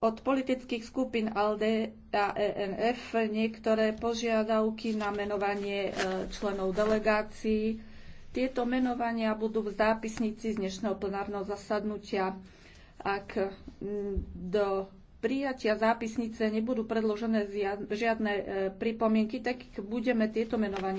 Od politických skupín ALDE a ENF niektoré požiadavky na menovanie e, členov delegácií. Tieto menovania budú v zápisnici z dnešného plenárneho zasadnutia. Ak do prijatia zápisnice nebudú predložené žiadne e, pripomienky, tak budeme tieto menovania